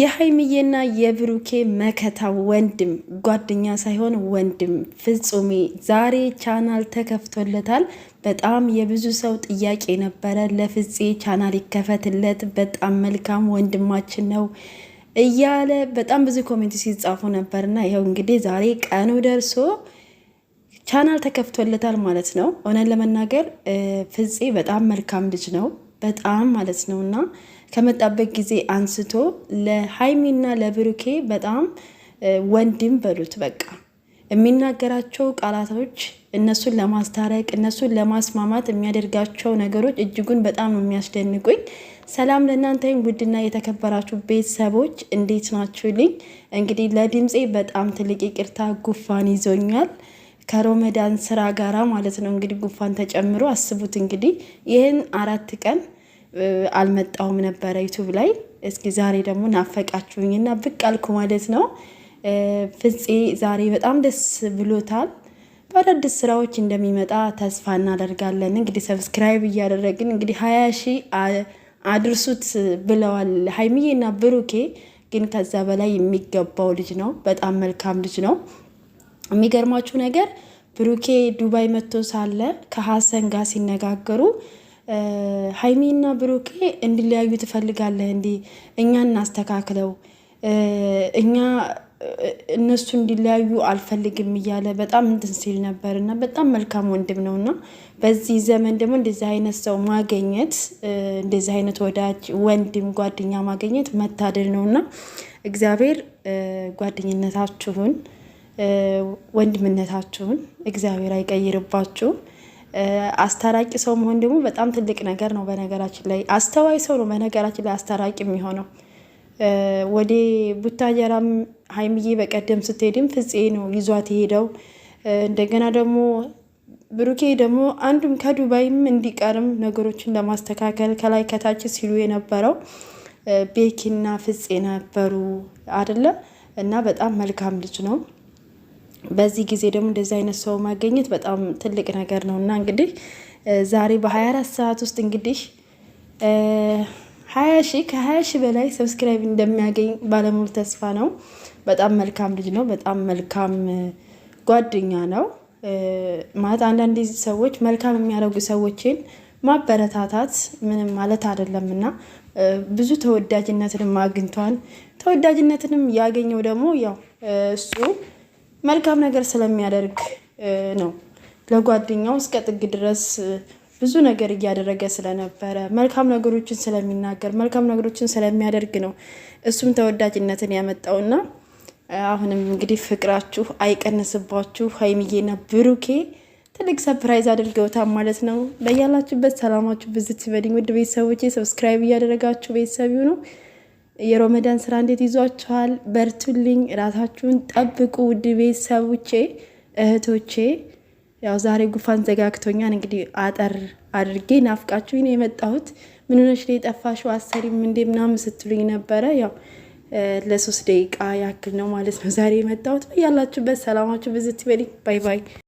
የሀይምዬና የብሩኬ መከታ ወንድም ጓደኛ ሳይሆን ወንድም ፍጹሜ ዛሬ ቻናል ተከፍቶለታል። በጣም የብዙ ሰው ጥያቄ ነበረ፣ ለፍፄ ቻናል ይከፈትለት፣ በጣም መልካም ወንድማችን ነው እያለ በጣም ብዙ ኮሜንት ሲጻፉ ነበርና ይኸው እንግዲህ ዛሬ ቀኑ ደርሶ ቻናል ተከፍቶለታል ማለት ነው። እውነን ለመናገር ፍፄ በጣም መልካም ልጅ ነው። በጣም ማለት ነው እና ከመጣበት ጊዜ አንስቶ ለሀይሚና ለብሩኬ በጣም ወንድም በሉት በቃ የሚናገራቸው ቃላቶች እነሱን ለማስታረቅ እነሱን ለማስማማት የሚያደርጋቸው ነገሮች እጅጉን በጣም የሚያስደንቁኝ። ሰላም ለእናንተ ውድና የተከበራችሁ ቤተሰቦች እንዴት ናችሁልኝ? እንግዲህ ለድምፄ በጣም ትልቅ ይቅርታ ጉፋን ይዞኛል። ከሮመዳን ስራ ጋራ ማለት ነው እንግዲህ ጉፋን ተጨምሮ አስቡት እንግዲህ ይህን አራት ቀን አልመጣሁም ነበረ ዩቱብ ላይ። እስኪ ዛሬ ደግሞ እና ብቅ አልኩ ማለት ነው። ፍፄ ዛሬ በጣም ደስ ብሎታል። በአዳዲስ ስራዎች እንደሚመጣ ተስፋ እናደርጋለን። እንግዲህ ሰብስክራይብ እያደረግን እንግዲህ ሀያ ሺህ አድርሱት ብለዋል ና ብሩኬ። ግን ከዛ በላይ የሚገባው ልጅ ነው። በጣም መልካም ልጅ ነው። የሚገርማችሁ ነገር ብሩኬ ዱባይ መጥቶ ሳለ ከሀሰን ጋር ሲነጋገሩ ሀይሚና ብሩኬ እንዲለያዩ ትፈልጋለህ? እንዲ እኛ እናስተካክለው እኛ እነሱ እንዲለያዩ አልፈልግም እያለ በጣም እንትን ሲል ነበር እና በጣም መልካም ወንድም ነው እና በዚህ ዘመን ደግሞ እንደዚህ አይነት ሰው ማገኘት እንደዚህ አይነት ወዳጅ፣ ወንድም፣ ጓደኛ ማገኘት መታደል ነው እና እግዚአብሔር ጓደኝነታችሁን፣ ወንድምነታችሁን እግዚአብሔር አይቀይርባችሁ። አስታራቂ ሰው መሆን ደግሞ በጣም ትልቅ ነገር ነው። በነገራችን ላይ አስተዋይ ሰው ነው በነገራችን ላይ አስታራቂ የሚሆነው። ወደ ቡታጀራም ሀይምዬ በቀደም ስትሄድም ፍፄ ነው ይዟት የሄደው። እንደገና ደግሞ ብሩኬ ደግሞ አንዱም ከዱባይም እንዲቀርም ነገሮችን ለማስተካከል ከላይ ከታች ሲሉ የነበረው ቤኪና ፍፄ ነበሩ አይደለም እና በጣም መልካም ልጅ ነው። በዚህ ጊዜ ደግሞ እንደዚህ አይነት ሰው ማገኘት በጣም ትልቅ ነገር ነው እና እንግዲህ ዛሬ በ24 ሰዓት ውስጥ እንግዲህ ሀያ ሺ ከሀያ ሺህ በላይ ሰብስክራይብ እንደሚያገኝ ባለሙሉ ተስፋ ነው። በጣም መልካም ልጅ ነው። በጣም መልካም ጓደኛ ነው። ማለት አንዳንድ ሰዎች መልካም የሚያደርጉ ሰዎችን ማበረታታት ምንም ማለት አይደለም እና ብዙ ተወዳጅነትንም አግኝቷል። ተወዳጅነትንም ያገኘው ደግሞ ያው እሱ መልካም ነገር ስለሚያደርግ ነው። ለጓደኛው እስከ ጥግ ድረስ ብዙ ነገር እያደረገ ስለነበረ መልካም ነገሮችን ስለሚናገር መልካም ነገሮችን ስለሚያደርግ ነው እሱም ተወዳጅነትን ያመጣውና አሁንም እንግዲህ ፍቅራችሁ አይቀንስባችሁ። ሀይሚዬና ብሩኬ ትልቅ ሰፕራይዝ አድርገውታል ማለት ነው። በያላችሁበት ሰላማችሁ ብዝት በድኝ። ውድ ቤተሰቦቼ ሰብስክራይብ እያደረጋችሁ ቤተሰብ ይሁኑ። የሮመዳን ስራ እንዴት ይዟችኋል? በርቱልኝ፣ ራሳችሁን ጠብቁ። ውድ ቤተሰቦቼ እህቶቼ፣ ያው ዛሬ ጉፋን ዘጋግቶኛል። እንግዲህ አጠር አድርጌ ናፍቃችሁ ነው የመጣሁት። ምን ሆነሽ ነው የጠፋሽው? አሰሪም እንዴ ምናምን ስትሉኝ ነበረ። ያው ለሶስት ደቂቃ ያክል ነው ማለት ነው ዛሬ የመጣሁት። ያላችሁበት ሰላማችሁ ብዝት ይበልኝ። ባይ ባይ